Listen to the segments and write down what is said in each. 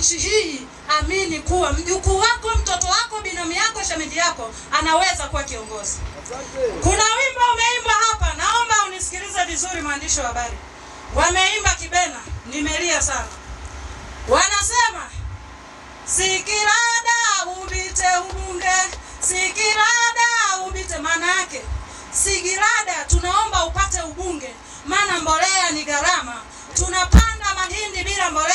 nchi hii, amini kuwa mjukuu wako, mtoto wako, binamu yako, shamili yako anaweza kuwa kiongozi. Kuna wimbo umeimba hapa, naomba unisikilize vizuri, mwandishi wa habari. Wameimba Kibena, nimelia sana. Wanasema sikirada ubite ubunge, sikirada ubite. Maana yake sikirada, tunaomba upate ubunge, maana mbolea ni gharama. Tunapanda mahindi bila mbolea.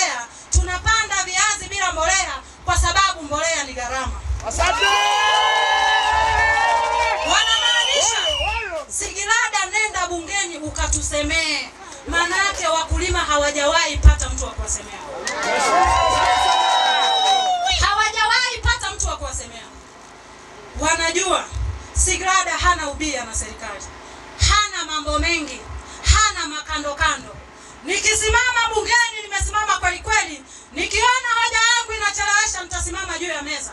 hawajawahi pata mtu wa kuwasemea, hawajawahi pata mtu wa kuwasemea. Wanajua Sigrada hana ubia na serikali, hana mambo mengi, hana makandokando. Nikisimama bungeni, nimesimama kweli kweli, nikiona hoja yangu inachelewesha, mtasimama juu ya meza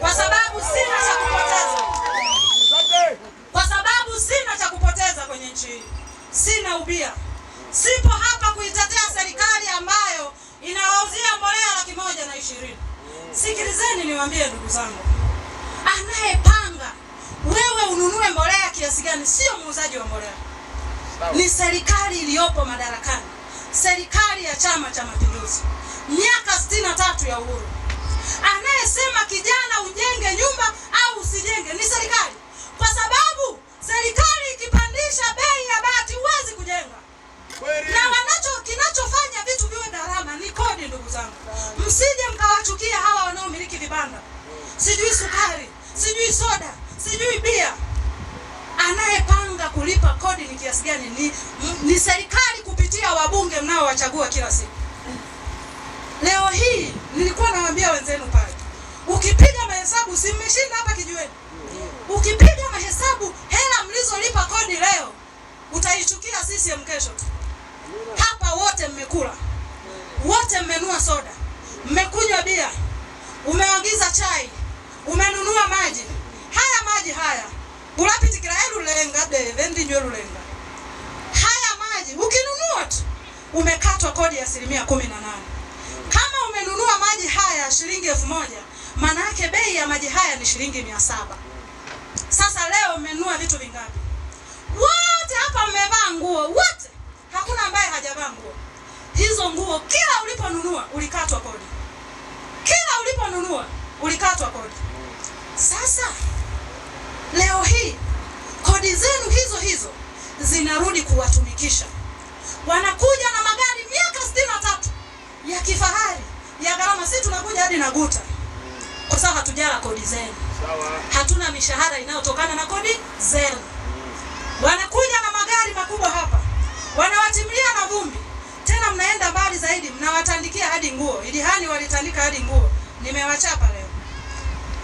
kwa sababu niwaambie ndugu zangu, anayepanga wewe ununue mbolea kiasi gani sio muuzaji wa mbolea, ni serikali iliyopo madarakani, serikali ya Chama cha Mapinduzi, miaka sitini na tatu ya uhuru. Anayesema kijana ujenge nyumba au usijenge ni serikali, kwa sababu serikali zangu, msije mkawachukia hawa wanaomiliki vibanda, sijui sukari, sijui soda, sijui bia. Anayepanga kulipa kodi ni kiasi gani? Ni, ni serikali kupitia wabunge mnaowachagua kila siku. Leo hii nilikuwa nawaambia wenzenu pale, ukipiga mahesabu, si mmeshinda hapa kijiweni? Ukipiga mahesabu hela mlizolipa kodi leo, utaichukia CCM kesho tu. Hapa wote mmekula wote mmenunua soda, mmekunywa bia, umeagiza chai, umenunua maji. Haya maji haya ulapitikila elulenga devendinywe lulenga. Haya maji ukinunua tu umekatwa kodi ya asilimia kumi na nane. Kama umenunua maji haya shilingi elfu moja maana yake bei ya maji haya ni shilingi mia saba. Sasa leo mmenunua vitu vingapi? Wote hapa mmevaa nguo, wote hakuna ambaye hajavaa nguo hizo nguo, kila uliponunua ulikatwa kodi, kila uliponunua ulikatwa kodi. Sasa leo hii kodi zenu hizo hizo zinarudi kuwatumikisha, wanakuja na magari miaka sitini na tatu ya kifahari ya gharama, si tunakuja hadi na guta kwa sababu hatujala kodi zenu, hatuna mishahara inayotokana na kodi zenu. Wanakuja na magari makubwa hapa, wanawatimlia na vumbi tena mnaenda mbali zaidi, mnawatandikia hadi nguo. hani walitandika hadi nguo, nimewachapa leo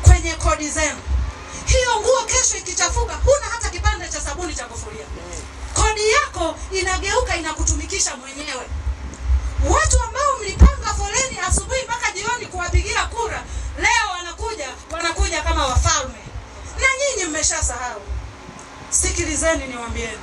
kwenye kodi zenu. Hiyo nguo kesho ikichafuka, huna hata kipande cha sabuni cha kufulia. Kodi yako inageuka inakutumikisha mwenyewe. Watu ambao mlipanga foleni asubuhi mpaka jioni kuwapigia kura, leo wanakuja wanakuja kama wafalme, na nyinyi mmeshasahau. Sikilizeni niwaambieni.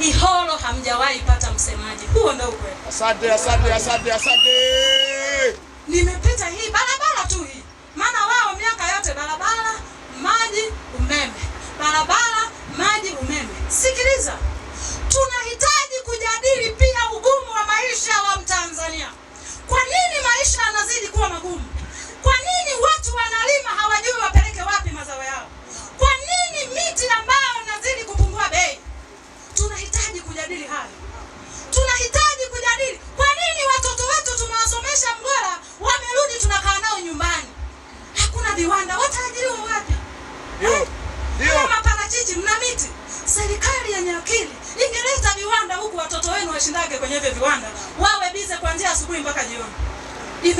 Iholo hamjawahi pata msemaji. Huo ndio ukweli. Asante, asante, asante, asante. Nimepita hii barabara tu hii, maana wao miaka yote barabara, maji, umeme, barabara, maji, umeme. Sikiliza, tunahitaji kujadili pia ugumu wa maisha wa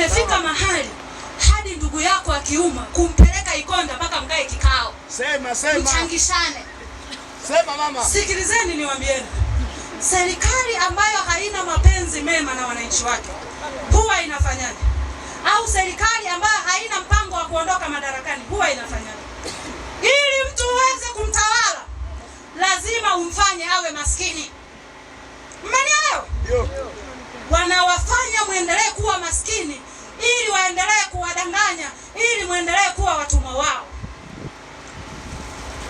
Imefika mahali hadi ndugu yako akiuma kumpeleka Ikonda mpaka mkae kikao, sema sema, mchangishane. Sema mama, sikilizeni niwaambieni, serikali ambayo haina mapenzi mema na wananchi wake huwa inafanyaje? Au serikali ambayo haina mpango wa kuondoka madarakani huwa inafanyaje? Ili mtu uweze kumtawala lazima umfanye awe maskini. Mmenielewa? Wanawafanya muendelee kuwa maskini ili waendelee kuwadanganya, ili muendelee kuwa watumwa wao.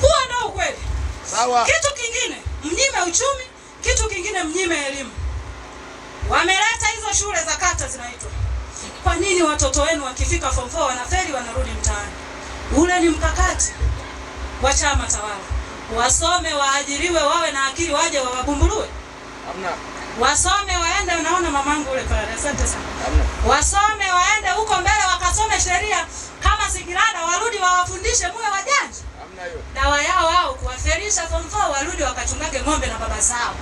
Huo ndio ukweli. Sawa. Kitu kingine mnyime uchumi, kitu kingine mnyime elimu. Wameleta hizo shule za kata zinaitwa. Kwa nini watoto wenu wakifika form 4 wanafeli wanarudi mtaani? Ule ni mkakati wa chama tawala. Wasome, waajiriwe, wawe na akili, waje wawabumbulue. Hamna. Wasome waende, naona mamangu ule pale. Asante sana. Hamna wasome waende huko mbele wakasome sheria kama Sikilada, warudi wawafundishe muwe wajanja. Dawa yao wao kuwaferisha form 4 warudi wakachungage ng'ombe na baba zao.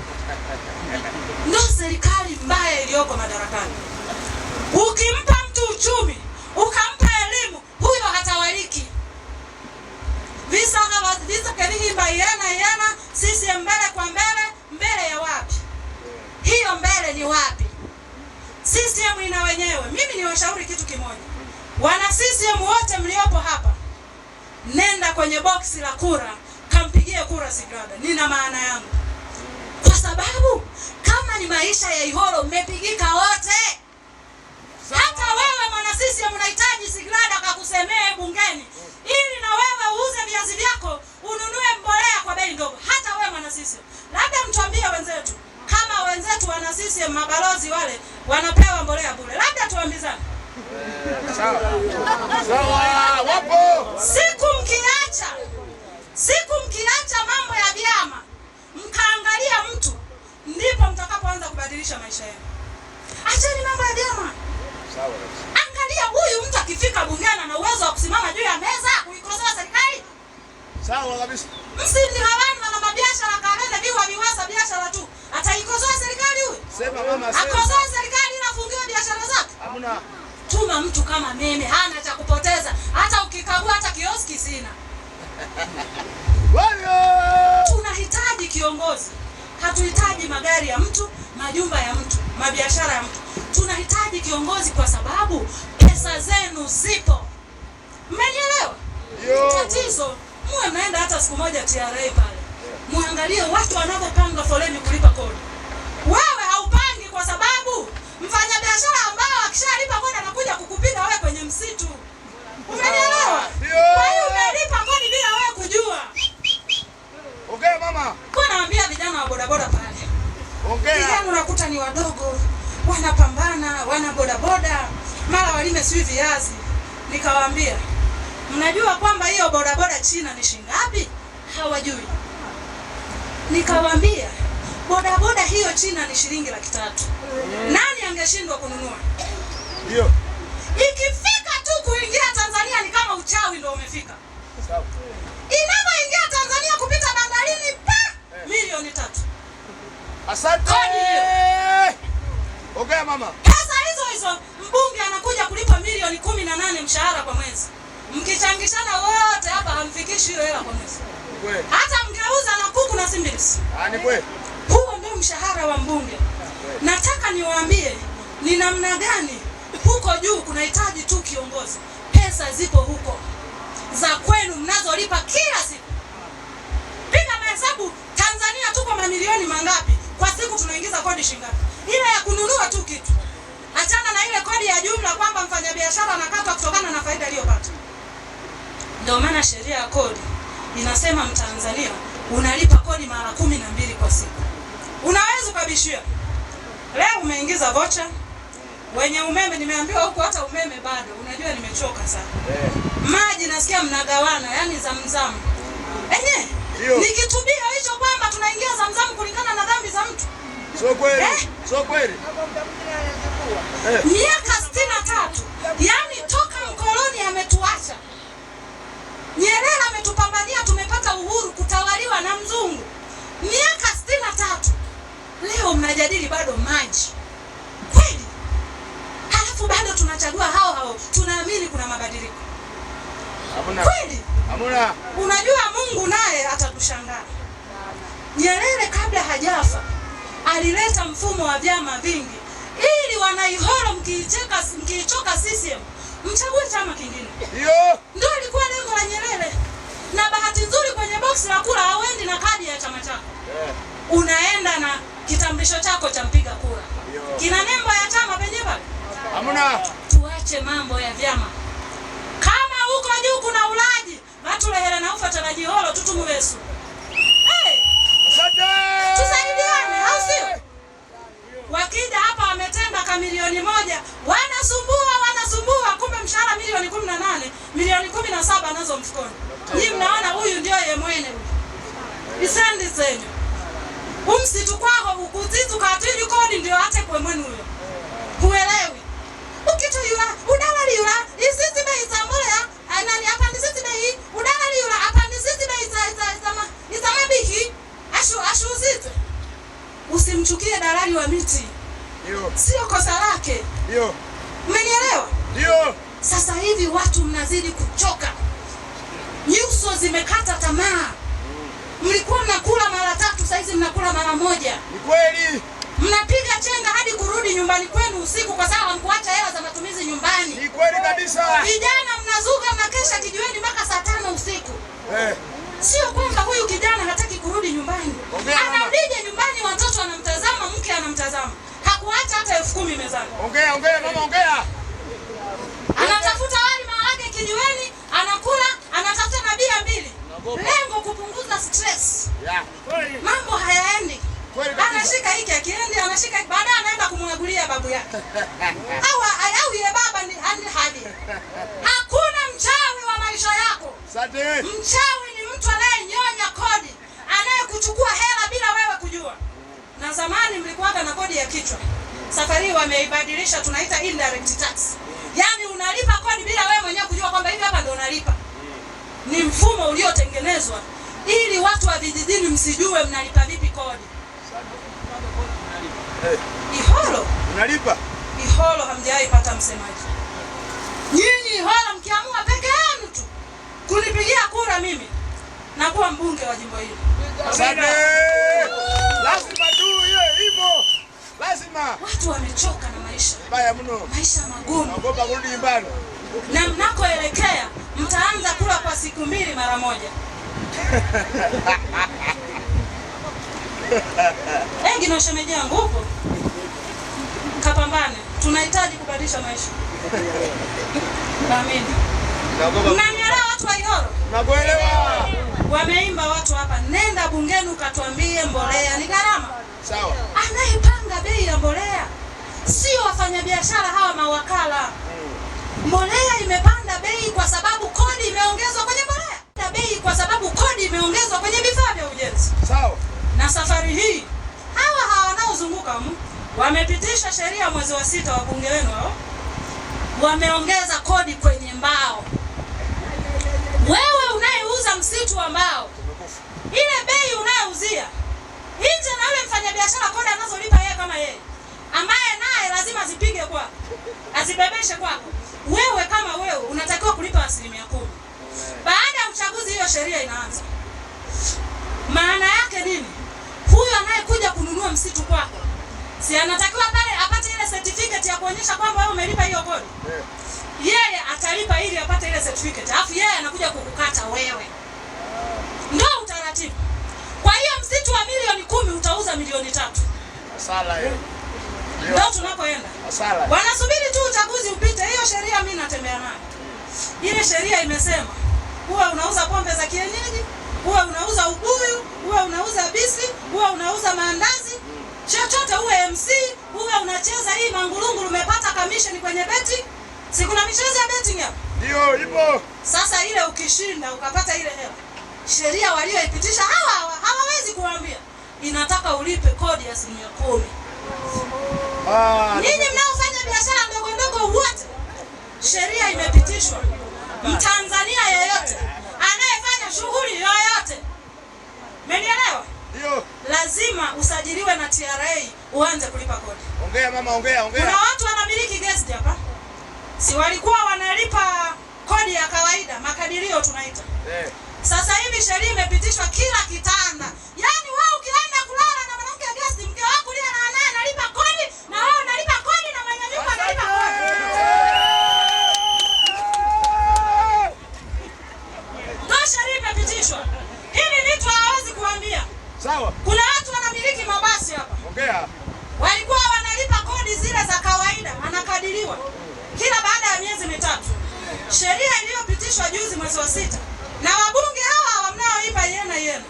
Ndio serikali mbaya iliyoko madarakani. kura, kampigie kura Sigrada. Nina maana yangu, kwa sababu kama ni maisha ya Ihoro mmepigika wote. Hata wewe mwana sisi unahitaji Sigrada akakusemee bungeni, ili na wewe uuze viazi vyako ununue mbolea kwa bei ndogo. Hata wewe mwana sisi, labda mtuambie wenzetu kama wenzetu wana sisi mabalozi wale wanapewa mbolea bure, labda tuambizane kusimama juu ya meza kuikosoa serikali. Sawa kabisa. Msi ni hawani na mama biashara kaanza biwa biwasa biashara tu. Ataikosoa serikali huyu? Sema mama sema. Akosoa serikali na fungiwa biashara zake? Hamna. Tuma mtu kama mimi hana cha kupoteza. Hata ukikagua hata kioski sina. Wewe! Tunahitaji kiongozi. Hatuhitaji magari ya mtu, majumba ya mtu, mabiashara ya mtu. Tunahitaji kiongozi kwa sababu pesa zenu zipo. Mmenielewa? Tatizo muwe mnaenda hata siku moja TRA pale, muangalie watu wanavyopanga foleni kulipa kodi. mama. Pesa hizo hizo mbunge anakuja kulipa milioni kumi na nane mshahara kwa mwezi, mkichangishana wote hapa hamfikishi hiyo hela kwa mwezi, hata mgeuza na kuku na simbilisi. Ah, ni kweli, huo ndio mshahara wa mbunge. Nataka niwaambie ni namna gani huko juu kunahitaji tu kiongozi. Pesa zipo huko za kwenu mnazolipa kila siku. Piga mahesabu, Tanzania tupo mamilioni mangapi kwa siku, tunaingiza kodi shingapi? ile ya kununua tu kitu. Achana na ile kodi ya jumla kwamba mfanyabiashara anakatwa kutokana na faida aliyopata. Ndio maana sheria ya kodi inasema Mtanzania unalipa kodi mara kumi na mbili kwa siku. Unaweza ukabishia leo umeingiza vocha wenye umeme, nimeambiwa huko hata umeme bado. Unajua nimechoka sana, maji nasikia mnagawana, yani zamzamu enye nikitubia hicho kwamba tunaingia zamzamu kulingana na dhambi za mtu. Sio kweli. Eh? Sio kweli. Eh. Miaka sitini na tatu. Yaani toka mkoloni ametuacha. Nyerere ametupambania tumepata uhuru kutawaliwa na mzungu. Miaka sitini na tatu. Leo mnajadili bado maji. Kweli. Halafu bado tunachagua hao hao. Tunaamini kuna mabadiliko. Hamuna. Kweli. Hamuna. Unajua Mungu naye atatushangaa. Nyerere kabla hajafa alileta mfumo wa vyama vingi ili wanaihoro mkiicheka mkiichoka CCM mchague chama kingine. Ndio. Ndio ilikuwa lengo la Nyerere. Na bahati nzuri kwenye boksi la kura hawendi na kadi ya chama chako. Yeah. Unaenda na kitambulisho chako cha mpiga kura. Yo. Kina nembo ya chama penye pale. Hamna. Tuache mambo ya vyama. Kama huko juu kuna ulaji, watu lehera na ufa taraji tutumwe Yesu. au sio? Wakija hapa wametemba ka milioni moja, wanasumbua wanasumbua, kumbe mshahara milioni kumi na nane milioni kumi na saba nazo mfukoni. Nyinyi mnaona huyu ndio yeye mwene isendi zenu umsitu kwako ukuzitu katili kodi ndio ate kwemwenu huyo huelewi ukitu yula udalali yula usimchukie dalali wa miti, sio kosa lake. Mmenielewa? Ndio. Sasa hivi watu mnazidi kuchoka, nyuso zimekata tamaa. Mlikuwa mnakula mara tatu, sasa hizi mnakula mara moja. Ni kweli. Mnapiga chenga hadi kurudi nyumbani kwenu usiku, kwa sababu hamkuacha hela za matumizi nyumbani. Ni kweli kabisa. Vijana mnazuka, mnakesha kijiweni mpaka saa tano usiku eh. Sio kwamba huyu kijana hataki kurudi nyumbani, ana watoto wanamtazama, mke anamtazama, hakuacha hata elfu kumi mezani. Ongea ongea mama, ongea. Anatafuta wali maharage kijiweni, anakula, anatafuta na bia mbili, lengo kupunguza stress. Mambo hayaendi, anashika hiki akiendi, anashika baadaye, anaenda kumwagulia babu yake au au ye baba ni hadi hakuna mchawi wa maisha yako mchawi ya kichwa. Safari hii wameibadilisha tunaita indirect tax. Yaani unalipa kodi bila wewe mwenyewe kujua kwamba hivi hapa ndio unalipa. Ni mfumo uliotengenezwa ili watu wa vijijini msijue mnalipa vipi kodi. Iholo. Unalipa? Iholo hamjawahi pata msemaji. Nyinyi Iholo mkiamua peke yenu tu kunipigia kura mimi na kuwa mbunge wa jimbo hili. Asante. Lazima mama. Watu wamechoka na maisha baya mno, maisha magumu, naogopa kurudi nyumbani. Na mnakoelekea mtaanza kula kwa siku mbili mara moja. Engi na shemeji yangu kapambane, tunahitaji kubadilisha maisha. Naamini mnanielewa, watu wa Ihoro nakuelewa. Wameimba watu hapa, nenda bungeni ukatuambie mbolea ni gharama. Sawa, anayepanga bei ya wafanyabiashara hawa mawakala. Mbolea imepanda bei kwa sababu kodi imeongezwa kwenye mbolea, bei kwa sababu kodi imeongezwa kwenye vifaa vya ujenzi. Sawa. Na safari hii hawa hawa wanaozunguka wamepitisha sheria mwezi wa sita, wabunge wenu hao wameongeza kodi kwenye mbao. Wewe unayeuza msitu wa mbao, ile bei unayouzia nje na yule mfanyabiashara kodi anazolipa yeye kama yeye ambaye naye lazima azipige kwako, azibebeshe kwako. Wewe kama wewe unatakiwa kulipa asilimia kumi. Baada ya uchaguzi, hiyo sheria inaanza. Maana yake nini? Huyu anayekuja kununua msitu kwako, si anatakiwa pale apate ile certificate ya kuonyesha kwamba wewe umelipa hiyo kodi? Yeye atalipa ili apate ile certificate, alafu yeye anakuja kukukata wewe. Ndio utaratibu. Kwa hiyo msitu wa milioni kumi utauza milioni tatu. Sala hiyo ndio tunakoenda. Wanasubiri tu uchaguzi upite, hiyo sheria mimi natembea nayo. Ile sheria imesema uwe unauza pombe za kienyeji, uwe unauza ubuyu, uwe unauza bisi, uwe unauza maandazi, chochote uwe MC, uwe unacheza hii mangulungulu, umepata commission kwenye beti. Si kuna michezo ya betting hapo? Ndio, ipo. Sasa ile ukishinda ukapata ile hela. Sheria walioipitisha hawa hawa hawawezi kuambia. Inataka ulipe kodi ya asilimia kumi. Ah. Ninyi mnaofanya biashara ndogo ndogo wote, sheria imepitishwa. Mtanzania yeyote anayefanya shughuli yoyote, mmenielewa? Ndio. Lazima usajiliwe na TRA uanze kulipa kodi. Ongea mama, ongea, ongea. Kuna watu wanamiliki guest hapa. Si walikuwa wanalipa kodi ya kawaida, makadirio tunaita. Eh. Sasa hivi sheria imepitishwa kila kitanda. Yaani miezi mitatu, sheria iliyopitishwa juzi mwezi wa sita na wabunge hawa hawa mnaoipa yena yena,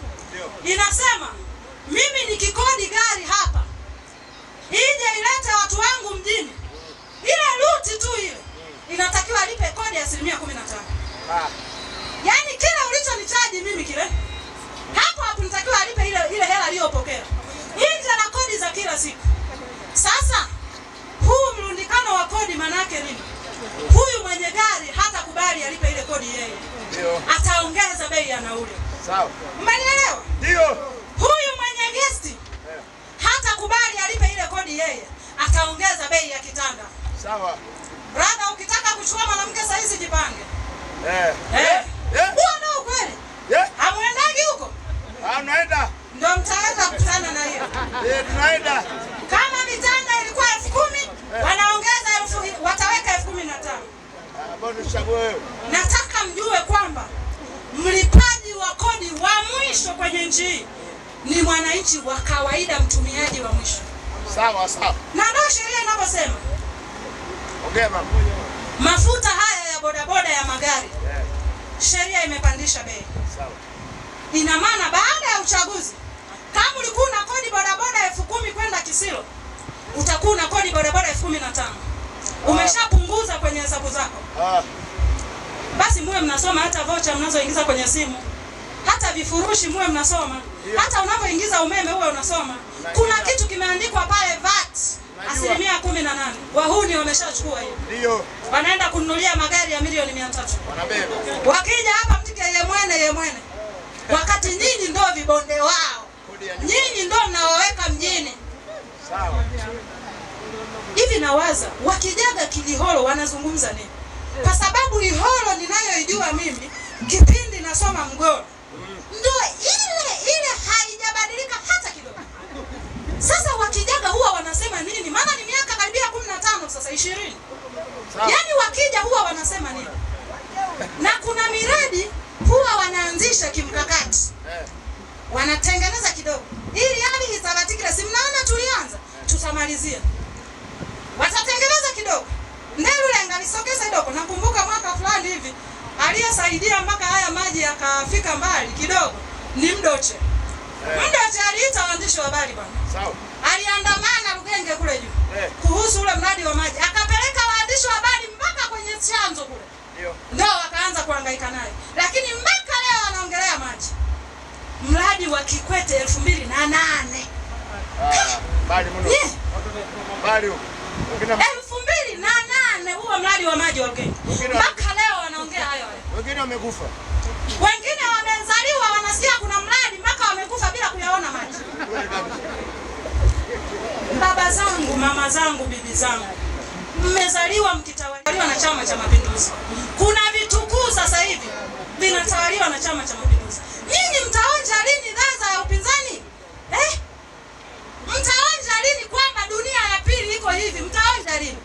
inasema mimi nikikodi gari hapa ije ilete watu wangu mjini, ile luti tu ile inatakiwa lipe kodi ya asilimia kumi na tano. Yaani kile ulichonichaji mimi kile hapo hapo nitakiwa alipe ile, ile hela aliyopokea nje na kodi za kila siku. Sasa huu mlundikano wa kodi manake nini? huyu mwenye gari kubali alipe ile kodi yeye, ataongeza bei ya nauli. Sawa, umeelewa? Ndio. Huyu mwenye gesti eh. kubali alipe ile kodi yeye, ataongeza bei ya kitanda. Sawa brada, ukitaka kuchukua mwanamke saa hizi jipange. Eh, eh, eh. eh. ukweli hamwendagi huko, anaenda ah, ndio mtaanza kukutana na hiyo eh, tunaenda kama mitanda ilikuwa elfu kumi wanaongeza elfu wataweka kumi na tano. Nataka mjue kwamba mlipaji wa kodi wa mwisho kwenye nchi hii ni mwananchi wa kawaida, mtumiaji wa mwisho. Sawa sawa. Na ndio sheria inavyosema. Okay, mama. Mafuta haya ya bodaboda ya magari yeah. Sheria imepandisha bei. Sawa. Ina maana baada ya uchaguzi kama ulikuwa na kodi bodaboda elfu kumi kwenda Kisilo utakuwa na kodi bodaboda elfu kumi na tano. Umeshapunguza kwenye hesabu zako. Ah. Basi muwe mnasoma hata vocha mnazoingiza kwenye simu, hata vifurushi muwe mnasoma, hata unapoingiza umeme uwe unasoma. Kuna kitu kimeandikwa pale VAT asilimia kumi na nane. Wahuni wameshachukua hiyo, ndio wanaenda kununulia magari ya milioni mia tatu wanabeba, wakija hapa mtike ye mwene, wakati nyinyi ndo vibonde wao, nyinyi ndo mnawaweka mjini. Sawa hivi nawaza, wakijaga Kilihoro wanazungumza nini? Eh. Kwa sababu Ihoro ninayoijua mimi kipindi nasoma Mgoro mm. ndio ile ile, haijabadilika hata kidogo. Sasa wakijaga huwa wanasema nini? Maana ni miaka karibia kumi na tano sasa, ishirini, yaani wakija huwa wanasema nini? Na kuna miradi huwa wanaanzisha kimkakati, eh. wanatengeneza kidogo ili hali isabatikile, si mnaona tulianza, eh. tutamalizia watatengeneza kidogo. Nelulenga nisogeza kidogo, nakumbuka mwaka fulani hivi aliyesaidia mpaka haya maji yakafika mbali kidogo ni Mdoche. Hey. Eh. Mdoche aliita waandishi wa habari bwana, sawa, aliandamana Rugenge kule juu Hey. Eh. kuhusu ule mradi wa maji, akapeleka waandishi wa habari mpaka kwenye chanzo kule, ndio ndio wakaanza kuhangaika naye, lakini mpaka leo wanaongelea maji, mradi wa Kikwete 2008. Ah, bali mno. Bali huko elfu mbili na nane huo mradi wa maji wa mpaka leo wanaongea hayo hayo. Wengine wamekufa, wengine wamezaliwa wanasikia kuna mradi mpaka wamekufa bila kuyaona maji. Baba zangu, mama zangu, bibi zangu, mmezaliwa mkitawaliwa na Chama cha Mapinduzi. Kuna vitukuu sasa hivi vinatawaliwa na Chama cha Mapinduzi. Nyinyi mtaonja lini? hivi mtaanza lini?